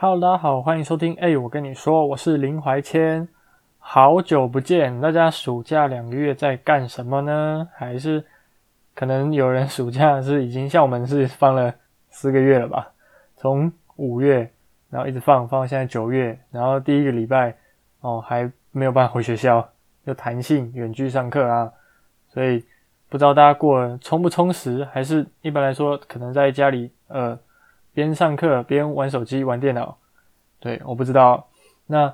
哈嘍，大家好，歡迎收聽。哎、欸，我跟你說，我是林懷謙，好久不見。大家暑假兩個月在幹什麼呢？還是可能有人暑假是已經像我們是放了四個月了吧？從五月然後一直放，放到現在九月，然後第一個禮拜哦還沒有辦法回學校，就彈性遠距上課啊。所以不知道大家過了充不充實？還是一般來說，可能在家裡呃。邊上課邊玩手機玩電腦，對，我不知道。那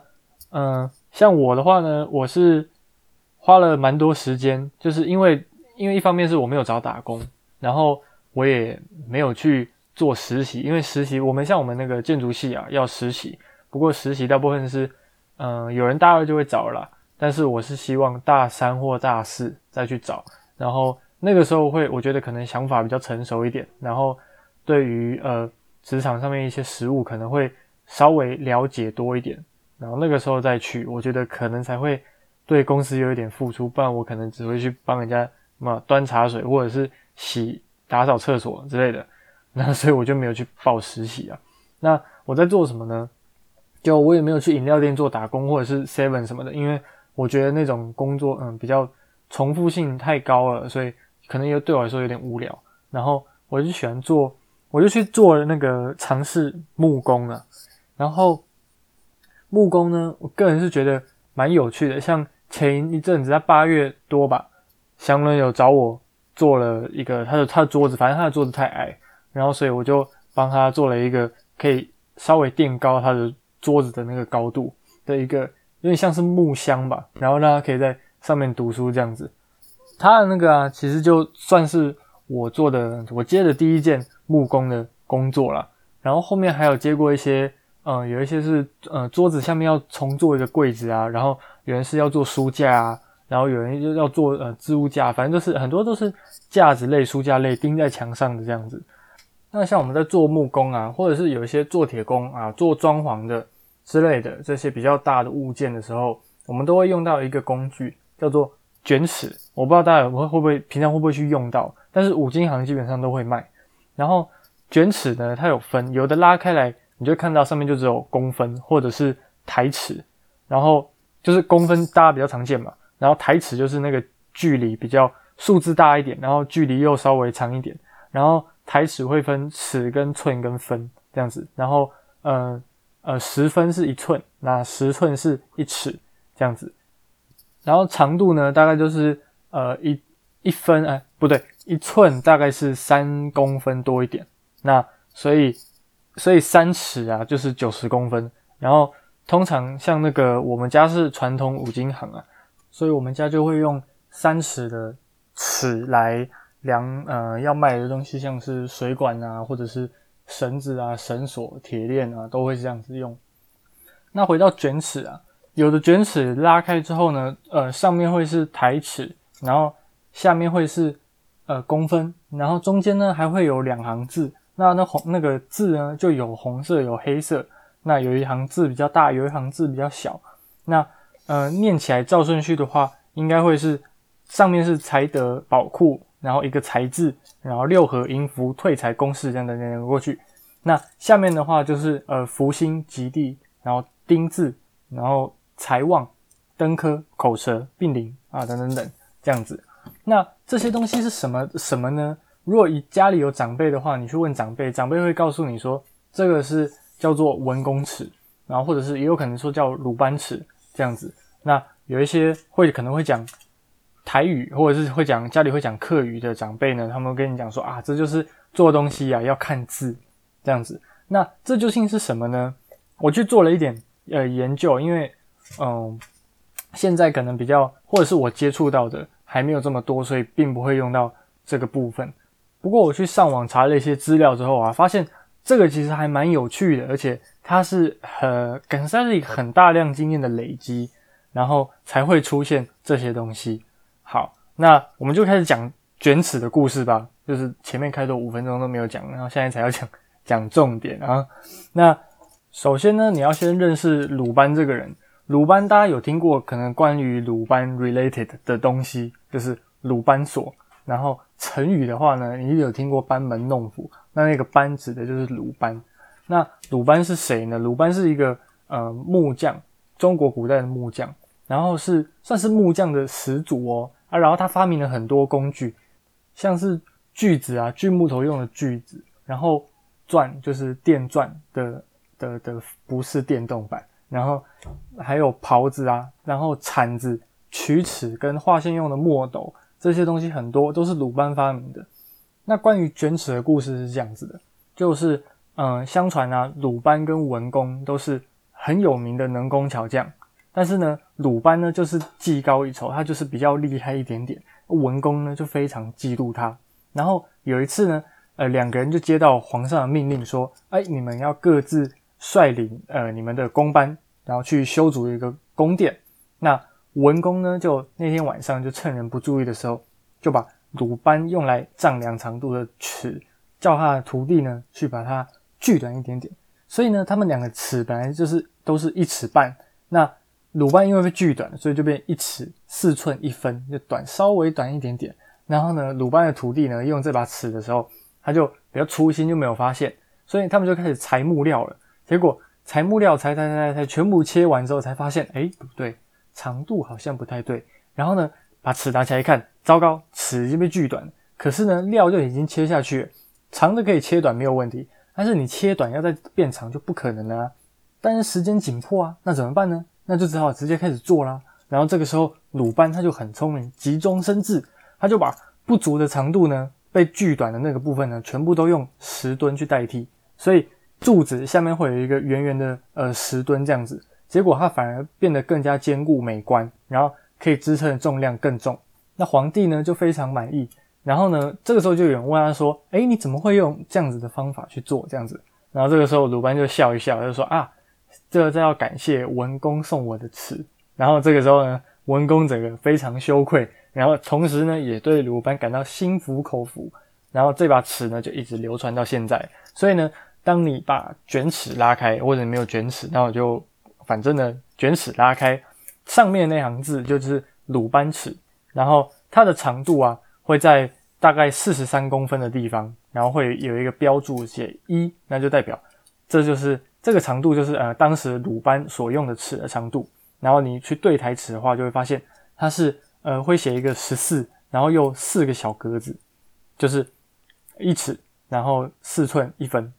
嗯、呃，像我的話呢，我是花了蠻多時間，就是因為因為一方面是我沒有找打工，然後我也沒有去做實習，因為實習我們像我們那個建築系啊要實習，不過實習大部分是嗯、呃，有人大二就會找了，但是我是希望大三或大四再去找，然後那個時候會我覺得可能想法比較成熟一點，然後對於呃。職場上面一些實務可能會稍微了解多一點，然後那個時候再去，我覺得可能才會對公司有一點付出，不然我可能只會去幫人家什麼端茶水或者是洗打掃廁所之類的。那所以我就沒有去報實習啊。那我在做什麼呢？就我也沒有去飲料店做打工或者是 Seven 什麼的，因為我覺得那種工作嗯比較重複性太高了，所以可能也對我來說有點無聊。然後我就喜歡做。我就去做了那個嘗試木工了，然後木工呢，我個人是覺得蠻有趣的。像前一陣子在八月多吧，祥倫有找我做了一個他的他的桌子，反正他的桌子太矮，然後所以我就幫他做了一個可以稍微墊高他的桌子的那個高度的一個，因為像是木箱吧，然後讓他可以在上面讀書這樣子。他的那個啊，其實就算是我做的，我接的第一件。木工的工作啦，然後後面還有接過一些，嗯，有一些是，嗯，桌子下面要重做一個櫃子啊，然後有人是要做書架啊，然後有人又要做呃置物架，反正就是很多都是架子類、書架類，釘在牆上的這樣子。那像我們在做木工啊，或者是有一些做鐵工啊、做裝潢的之類的這些比較大的物件的時候，我們都會用到一個工具叫做卷尺。我不知道大家有會會不會平常會不會去用到，但是五金行基本上都會賣。然後捲尺呢，它有分，有的拉開來，你就看到上面就只有公分或者是台尺，然後就是公分大家比較常見嘛，然後台尺就是那個距離比較數字大一點，然後距離又稍微長一點，然後台尺會分尺跟寸跟分這樣子，然後嗯呃，呃十分是一寸，那十寸是一尺這樣子，然後長度呢大概就是呃一一分哎，不對。一寸大概是三公分多一點，那所以所以三尺啊就是九十公分，然後通常像那個我們家是傳統五金行啊，所以我們家就會用三尺的尺來量，呃，要賣的東西像是水管啊，或者是繩子啊、繩索、鐵鏈啊，都會這樣子用。那回到卷尺啊，有的卷尺拉開之後呢，呃，上面會是台尺，然後下面會是。呃，公分，然後中間呢還會有兩行字，那那紅那個字呢就有紅色有黑色，那有一行字比較大，有一行字比較小，那呃念起來照順序的話，應該會是上面是財德寶庫，然後一個財字，然後六合迎福，退財公事這樣等等過去，那下面的話就是呃福星及第，然後丁字，然後財旺登科口舌病臨，啊等等等這樣子。那這些東西是什麼什麼呢？如果以家裡有長輩的話，你去問長輩，長輩會告訴你說，這個是叫做文公尺，然後或者是也有可能說叫魯班尺這樣子。那有一些會可能會講台語，或者是會講家裡會講客語的長輩呢，他們會跟你講說啊，這就是做東西呀，啊，要看字這樣子。那這究竟是什麼呢？我去做了一點呃研究，因為嗯、呃，現在可能比較或者是我接觸到的，還沒有這麼多，所以並不會用到這個部分。不過我去上網查了一些資料之後啊，發現這個其實還蠻有趣的，而且它是很，呃、感覺是一個很大量經驗的累積，然後才會出現這些東西。好，那我們就開始講捲尺的故事吧。就是前面開頭五分鐘都沒有講，然後現在才要講，講重點啊。那首先呢，你要先認識魯班這個人。魯班，大家有聽過？可能關於魯班 related 的東西，就是魯班鎖。然後成語的話呢，你有聽過“班門弄斧”？那那個“班”指的就是魯班。那魯班是誰呢？魯班是一個呃木匠，中國古代的木匠，然後是算是木匠的始祖哦啊。然後他發明了很多工具，像是鋸子啊，鋸木頭用的鋸子，然後鑽就是電鑽的的的，的，不是電動版。然後還有刨子啊，然後鏟子、曲尺跟畫線用的墨斗，這些東西很多都是魯班發明的。那關於捲尺的故事是這樣子的：就是嗯、呃，相傳啊，魯班跟文公都是很有名的能工巧匠，但是呢，魯班呢就是技高一籌，他就是比較厲害一點點，文公呢就非常嫉妒他。然後有一次呢，呃，兩個人就接到皇上的命令，說：哎、呃，你們要各自率領呃你們的工班。然後去修築一個宮殿，那文公呢，就那天晚上就趁人不注意的時候，就把魯班用來丈量長度的尺，叫他的徒弟呢去把它鋸短一點點。所以呢，他們兩個尺本來就是都是一尺半，那魯班因為被鋸短了，所以就變一尺四寸一分，就短稍微短一點點。然後呢，魯班的徒弟呢用這把尺的時候，他就比較粗心就沒有發現，所以他們就開始裁木料了，結果。裁木料，裁裁裁裁全部切完之後才發現，哎、欸，不對，長度好像不太對。然後呢，把尺拿起來一看，糟糕，尺已經被鋸短。可是呢，料就已經切下去了，長的可以切短沒有問題，但是你切短要再變長就不可能了啊。但是時間緊迫啊，那怎麼辦呢？那就只好直接開始做啦。然後這個時候，魯班他就很聰明，急中生智，他就把不足的長度呢，被鋸短的那個部分呢，全部都用石墩去代替，所以。柱子下面會有一個圓圓的呃石墩這樣子，結果它反而變得更加堅固美觀，然後可以支撐的重量更重。那皇帝呢就非常滿意，然後呢這個時候就有人問他說：“誒、欸，你怎麼會用這樣子的方法去做這樣子？”然後這個時候魯班就笑一笑，就說：“啊，這真要感謝文公送我的尺。”然後這個時候呢，文公整個非常羞愧，然後同時呢也對魯班感到心服口服。然後這把尺呢就一直流傳到現在，所以呢。當你把捲尺拉開，或者你沒有捲尺，那我就反正呢，捲尺拉開上面的那行字就是魯班尺，然後它的長度啊會在大概四十三公分的地方，然後會有一個標註寫一，那就代表這就是這個長度就是呃當時魯班所用的尺的長度，然後你去對台尺的話，就會發現它是呃會寫一個十四，然後又四個小格子，就是一尺，然後四寸一分。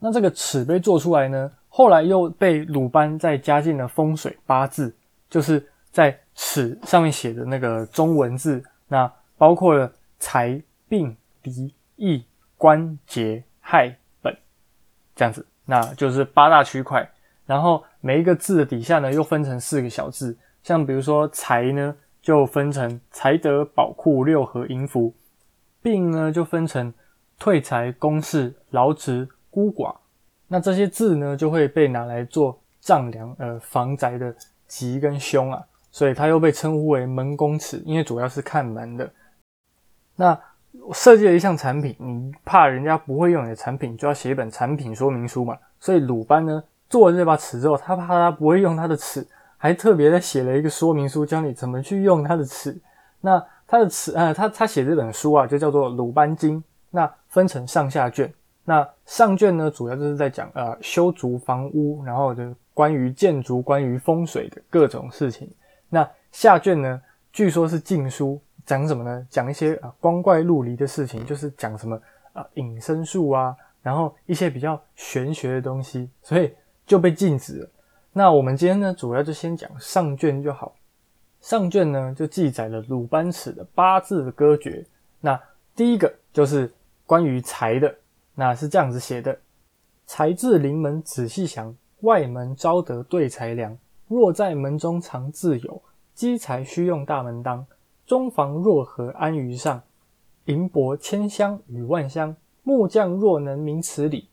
那這個尺被做出來呢，後來又被魯班再加進了風水八字，就是在尺上面寫的那個中文字，那包括了財、病、離、義、官、劫、害、本這樣子，那就是八大區塊。然後每一個字的底下呢，又分成四個小字，像比如說財呢，就分成財德寶庫六合音符；病呢，就分成退財公事、勞職孤寡，那這些字呢，就會被拿來做丈量，呃，房宅的吉跟凶啊，所以它又被稱呼為門公尺，因為主要是看門的。那設計了一項產品，你怕人家不會用你的產品，就要寫一本產品說明書嘛。所以魯班呢做了這把尺之後，他怕他不會用他的尺，還特別的寫了一個說明書，教你怎麼去用他的尺。那他的尺，呃，他他寫這本書啊，就叫做《魯班經》，那分成上下卷。那上卷呢，主要就是在講呃修築房屋，然後就關於建築、關於風水的各種事情。那下卷呢，據說是禁書，講什麼呢？講一些啊、呃、光怪陸離的事情，就是講什麼啊、呃、隱身術啊，然後一些比較玄學的東西，所以就被禁止了。那我們今天呢，主要就先講上卷就好。上卷呢，就記載了魯班尺的八字的歌訣。那第一個就是關於財的。那是這樣子寫的：財至臨門，仔細想，外門招得對財糧；若在門中藏自有，積財須用大門當。中房若何安於上？銀箔千箱與萬箱。木匠若能明此理，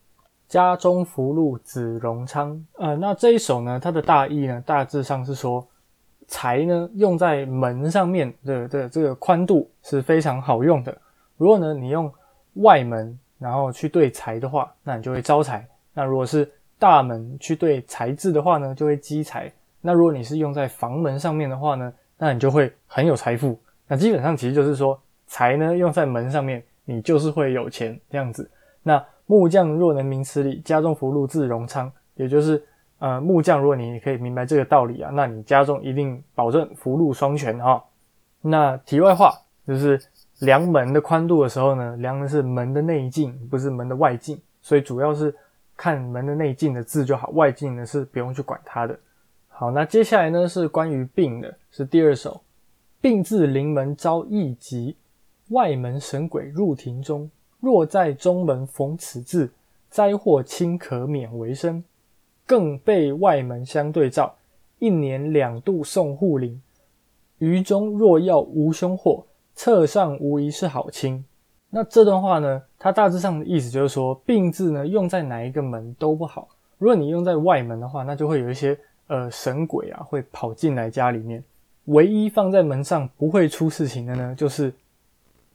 家中福祿子榮昌。呃，那這一首呢，它的大意呢，大致上是說，財呢用在門上面的的這個寬度是非常好用的。如果呢你用外門。然後去對財的話，那你就會招財；那如果是大門去對財字的話呢，就會積財；那如果你是用在房門上面的話呢，那你就會很有財富。那基本上其實就是說，財呢用在門上面，你就是會有錢這樣子。那木匠若能明此理，家中福祿自榮昌，也就是呃木匠，如果你可以明白這個道理啊，那你家中一定保證福祿雙全哈、哦。那題外話就是，量門的寬度的時候呢，量的是門的內徑，不是門的外徑，所以主要是看門的內徑的字就好，外徑呢是不用去管它的。好，那接下來呢是關於病的，是第二首。病字臨門遭疫疾，外門神鬼入庭中。若在中門逢此字，災禍輕可免為生。更被外門相對照，一年兩度送護靈。於中若要無凶禍。廁上無疑是好親。那這段話呢，它大致上的意思就是說，病字呢用在哪一個門都不好。如果你用在外門的話，那就會有一些呃神鬼啊會跑進來家裡面。唯一放在門上不會出事情的呢，就是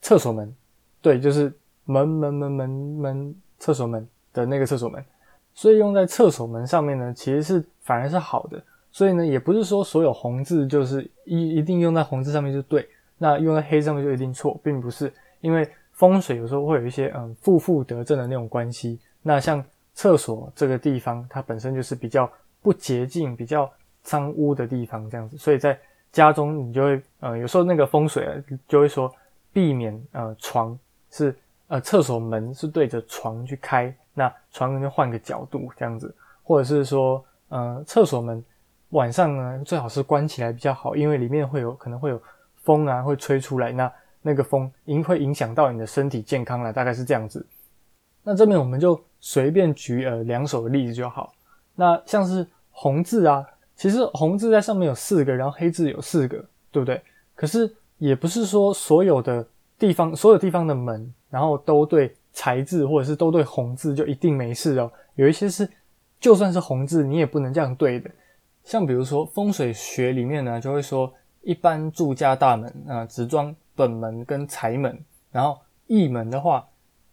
廁所門。對，就是門門門門門廁所門的那個廁所門。所以用在廁所門上面呢，其實是反而是好的。所以呢，也不是說所有紅字就是一一定用在紅字上面就對。那用在黑字就一定錯，並不是因為風水有時候會有一些嗯負負得正的那種關係。那像廁所這個地方，它本身就是比較不潔淨、比較髒污的地方，這樣子，所以在家中你就會嗯有時候那個風水啊就會說避免呃、嗯、床是呃廁所門是對着床去開，那床就換個角度這樣子，或者是說嗯廁所門晚上呢最好是關起來比較好，因為裡面會有可能會有。風啊會吹出來，那那個風影會影響到你的身體健康了，大概是這樣子。那這邊我們就隨便舉呃兩手的例子就好。那像是紅字啊，其實紅字在上面有四個，然後黑字有四個，對不對？可是也不是說所有的地方，所有地方的門，然後都對財字或者是都對紅字就一定沒事哦。有一些是就算是紅字，你也不能這樣對的。像比如說風水學裡面呢，就會說。一般住家大門啊，只、呃、裝本門跟財門，然後義門的話，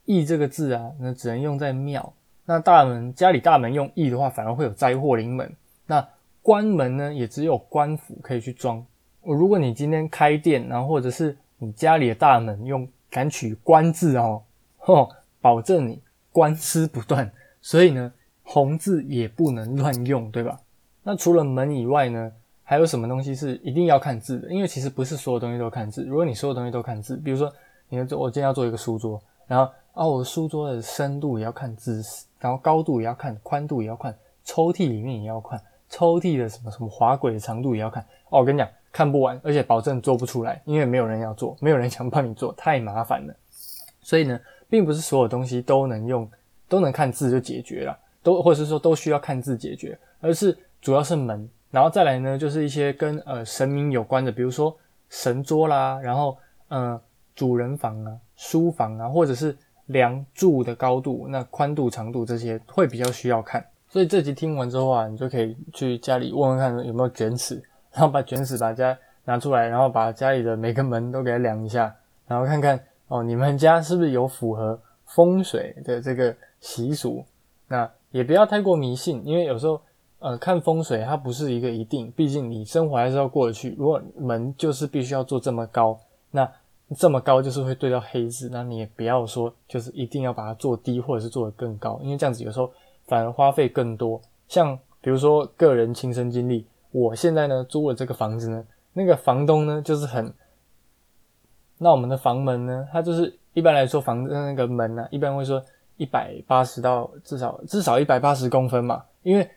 義這個字啊，那只能用在廟。那大門家裡大門用義的話，反而會有災禍臨門。那官門呢，也只有官府可以去裝。如果你今天開店，然後或者是你家裡的大門用敢取官字哦，吼，保證你官司不斷。所以呢，紅字也不能亂用，對吧？那除了門以外呢？還有什麼東西是一定要看字的？因為其實不是所有東西都看字。如果你所有東西都看字，比如說你要做，我今天要做一個書桌，然後啊、哦，我書桌的深度也要看字，然後高度也要看，寬度也要看，抽屜裡面也要看，抽屜的什麼什麼滑軌的長度也要看。哦，我跟你講，看不完，而且保證做不出來，因為沒有人要做，沒有人想幫你做，太麻煩了。所以呢，並不是所有東西都能用，都能看字就解決了，都或者是說都需要看字解決，而是主要是門。然後再來呢，就是一些跟呃神明有關的，比如說神桌啦，然後呃主人房啊、書房啊，或者是梁柱的高度、那寬度、長度這些會比較需要看。所以這集聽完之後啊，你就可以去家裡問問看有沒有捲尺，然後把捲尺大家拿出來，然後把家裡的每個門都給它量一下，然後看看哦，你們家是不是有符合風水的這個習俗？那也不要太過迷信，因為有時候。呃，看風水它不是一個一定，畢竟你生活還是要過得去。如果門就是必須要做這麼高，那這麼高就是會對到黑字，那你也不要說就是一定要把它做低，或者是做得更高，因為這樣子有時候反而花費更多。像比如說個人親身經歷，我現在呢租了這個房子呢，那個房東呢就是很，那我們的房門呢，它就是一般來說房子那，那個門呢、啊，一般會說一百八十到至少至少一百八十公分嘛，因為。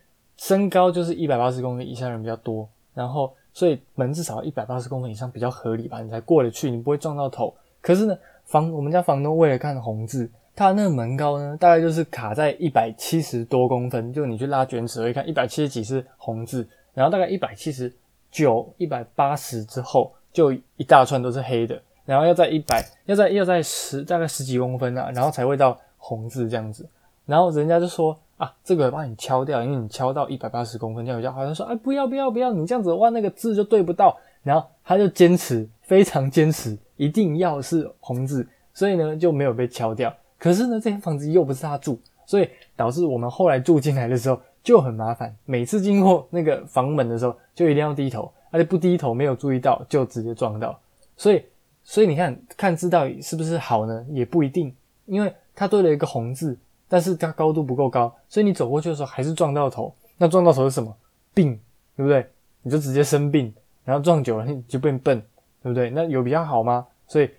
身高就是一百八十公分以下人比較多，然後所以門至少一百八十公分以上比較合理吧，你才過得去，你不會撞到頭。可是呢，房我們家房東為了看紅字，他那個門高呢，大概就是卡在一百七十多公分，就你去拉卷尺會看一百七十幾是紅字，然後大概一百七十九、一百八十之後就一大串都是黑的，然後要在一百，要在要在十大概十幾公分啊，然後才會到紅字這樣子，然後人家就說。啊，這個幫你敲掉，因為你敲到一百八十公分就比較好像說，哎，不要不要不要，你這樣子的話，那個字就對不到。然後他就堅持，非常堅持，一定要是紅字，所以呢就沒有被敲掉。可是呢，這間房子又不是他住，所以導致我們後來住進來的時候就很麻煩。每次經過那個房門的時候，就一定要低頭，而、啊、且不低頭沒有注意到就直接撞到。所以，所以你看，看字到底是不是好呢？也不一定，因為他對了一個紅字。但是它高度不夠高，所以你走過去的時候還是撞到頭。那撞到頭是什麼病，對不對？你就直接生病，然後撞久了你就變笨，對不對？那有比較好嗎？所以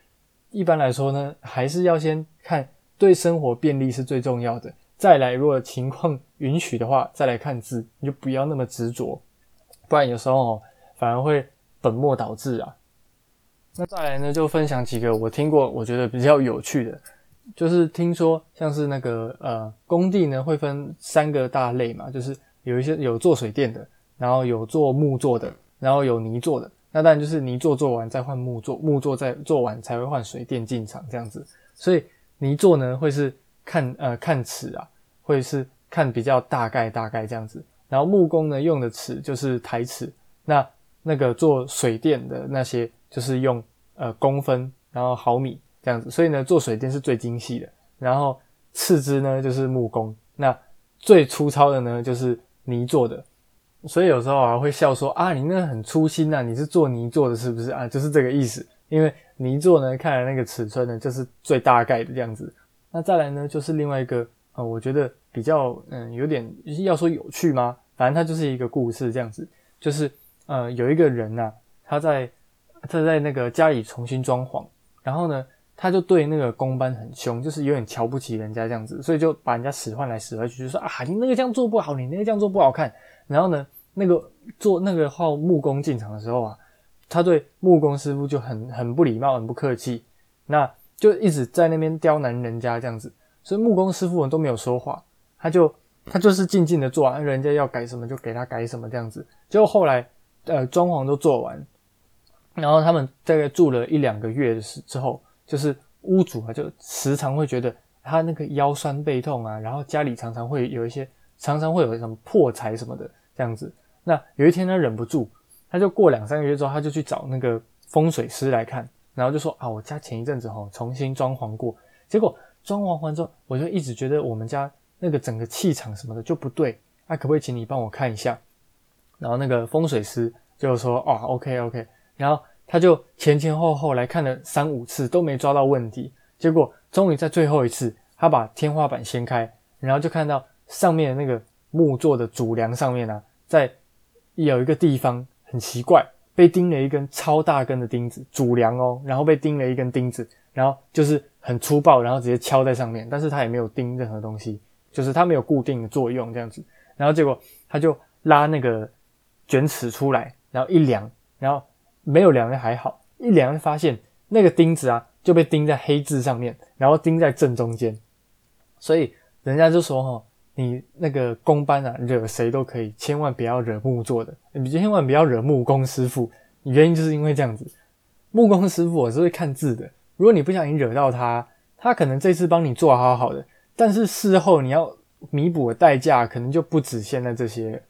一般來說呢，還是要先看對生活便利是最重要的，再來如果情況允許的話，再來看字，你就不要那麼執着，不然有時候、哦、反而會本末倒置啊。那再來呢，就分享幾個我聽過我覺得比較有趣的。就是聽說像是那個呃工地呢會分三個大類嘛，就是有一些有做水電的，然後有做木作的，然後有泥作的。那當然就是泥作做完再換木作，木作再做完才會換水電進場這樣子。所以泥作呢會是看呃看尺啊，會是看比較大概大概這樣子。然後木工呢用的尺就是台尺，那那個做水電的那些就是用呃公分，然後毫米。這樣子，所以呢，做水電是最精細的，然後次之呢就是木工，那最粗糙的呢就是泥做的，所以有時候啊會笑說啊，你那很粗心吶、啊，你是做泥做的是不是啊？就是這個意思，因為泥做呢，看來那個尺寸呢就是最大概的這樣子。那再來呢就是另外一個，呃，我覺得比較嗯、呃、有點要說有趣嗎？反正它就是一個故事這樣子，就是呃有一個人吶、啊，他在他在那個家裡重新裝潢，然後呢。他就對那個工班很兇，就是有點瞧不起人家這樣子，所以就把人家使喚來使喚去，就說啊，你那個這樣做不好，你那個這樣做不好看。然後呢，那個做那個號木工進場的時候啊，他對木工師傅就很很不禮貌，很不客氣，那就一直在那邊刁難人家這樣子。所以木工師傅們都沒有說話，他就他就是靜靜的做完、啊，人家要改什麼就給他改什麼這樣子。結果後來呃裝潢都做完，然後他們大概住了一兩個月的時之後。就是屋主啊，就時常會覺得他那個腰酸背痛啊，然後家裡常常會有一些，常常會有什麼破財什麼的這樣子。那有一天他忍不住，他就過兩三個月之後，他就去找那個風水師來看，然後就說啊，我家前一陣子吼重新裝潢過，結果裝潢完之後，我就一直覺得我們家那個整個氣場什麼的就不對，那，啊，可不可以請你幫我看一下？然後那個風水師就說哦，啊，OK OK，然後。他就前前後後來看了三五次，都沒抓到問題。結果終於在最後一次，他把天花板掀開，然後就看到上面的那個木做的主梁上面呢、啊，在有一個地方很奇怪，被釘了一根超大根的釘子。主梁哦，然後被釘了一根釘子，然後就是很粗暴，然後直接敲在上面。但是他也沒有釘任何東西，就是它沒有固定的作用這樣子。然後結果他就拉那個捲尺出來，然後一量，然後。沒有量的還好，一量發現那個釘子啊就被釘在黑字上面，然後釘在正中間，所以人家就說哈、哦，你那個工班啊惹誰都可以，千萬不要惹木做的，你千萬不要惹木工師傅，原因就是因為這樣子，木工師傅我是會看字的，如果你不小心惹到他，他可能這次幫你做好好的，但是事後你要彌補的代價可能就不止現在這些。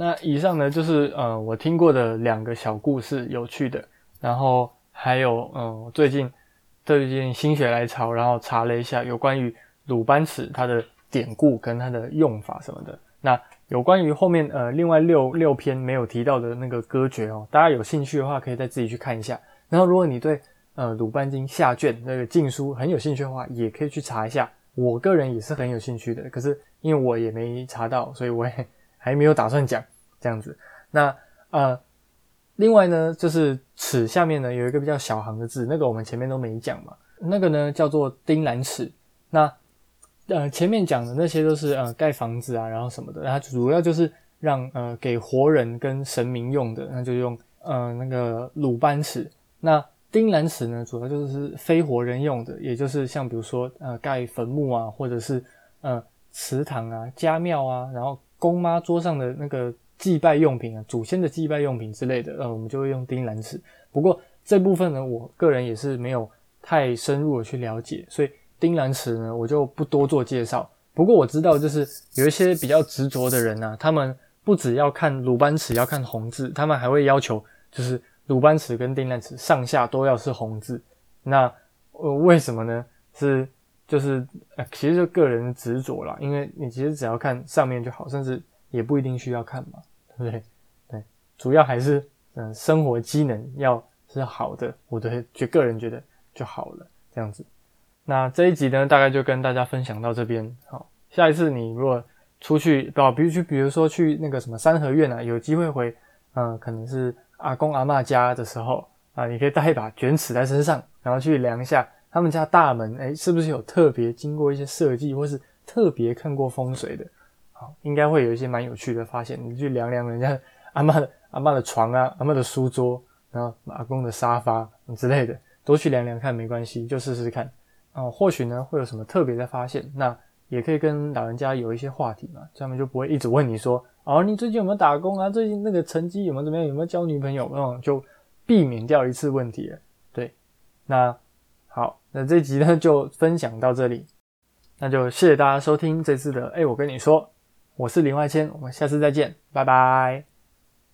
那以上呢，就是呃我聽過的兩個小故事，有趣的。然後還有嗯、呃，最近最近心血來潮，然後查了一下有關於魯班尺它的典故跟它的用法什麼的。那有關於後面呃另外六六篇沒有提到的那個歌訣哦，大家有興趣的話可以再自己去看一下。然後如果你對呃魯班經下卷那個禁書很有興趣的話，也可以去查一下。我個人也是很有興趣的，可是因為我也沒查到，所以我也。還沒有打算講這樣子，那呃，另外呢，就是尺下面呢有一個比較小行的字，那個我們前面都沒講嘛。那個呢叫做丁蘭尺。那呃，前面講的那些都是呃蓋房子啊，然後什麼的。它主要就是讓呃給活人跟神明用的，那就用呃那個魯班尺。那丁蘭尺呢，主要就是非活人用的，也就是像比如說呃蓋墳墓啊，或者是呃祠堂啊、家廟啊，然後。公媽桌上的那個祭拜用品啊，祖先的祭拜用品之類的，呃，我們就會用丁蘭尺。不過這部分呢，我個人也是沒有太深入的去了解，所以丁蘭尺呢，我就不多做介紹。不過我知道，就是有一些比較執着的人呢、啊，他們不只要看魯班尺，要看紅字，他們還會要求就是魯班尺跟丁蘭尺上下都要是紅字。那呃，為什麼呢？是。就是、呃，其實就個人執着啦，因為你其實只要看上面就好，甚至也不一定需要看嘛，對不對？對，主要還是，嗯、呃，生活機能要是好的，我的覺個人覺得就好了，這樣子。那這一集呢，大概就跟大家分享到這邊，好、哦，下一次你如果出去，到，比如去，比如說去那個什麼三合院啊，有機會回，嗯、呃，可能是阿公阿嬤家的時候啊、呃，你可以帶一把捲尺在身上，然後去量一下。他們家大門誒、欸，是不是有特別經過一些設計，或是特別看過風水的？好，應該會有一些蠻有趣的發現。你去量量人家阿嬤的阿嬤的床啊，阿嬤的書桌，然後阿公的沙發之類的，多去量量看，沒關係，就試試看。哦、呃，或許呢會有什麼特別的發現，那也可以跟老人家有一些話題嘛，這樣就不會一直問你說，哦，你最近有沒有打工啊？最近那個成績有沒有怎麼樣？有沒有交女朋友？那種就避免掉一次問題了。對，那。好，那這集呢就分享到這裡，那就謝謝大家收聽這次的，哎、欸，我跟你說，我是林外謙，我們下次再見，拜拜。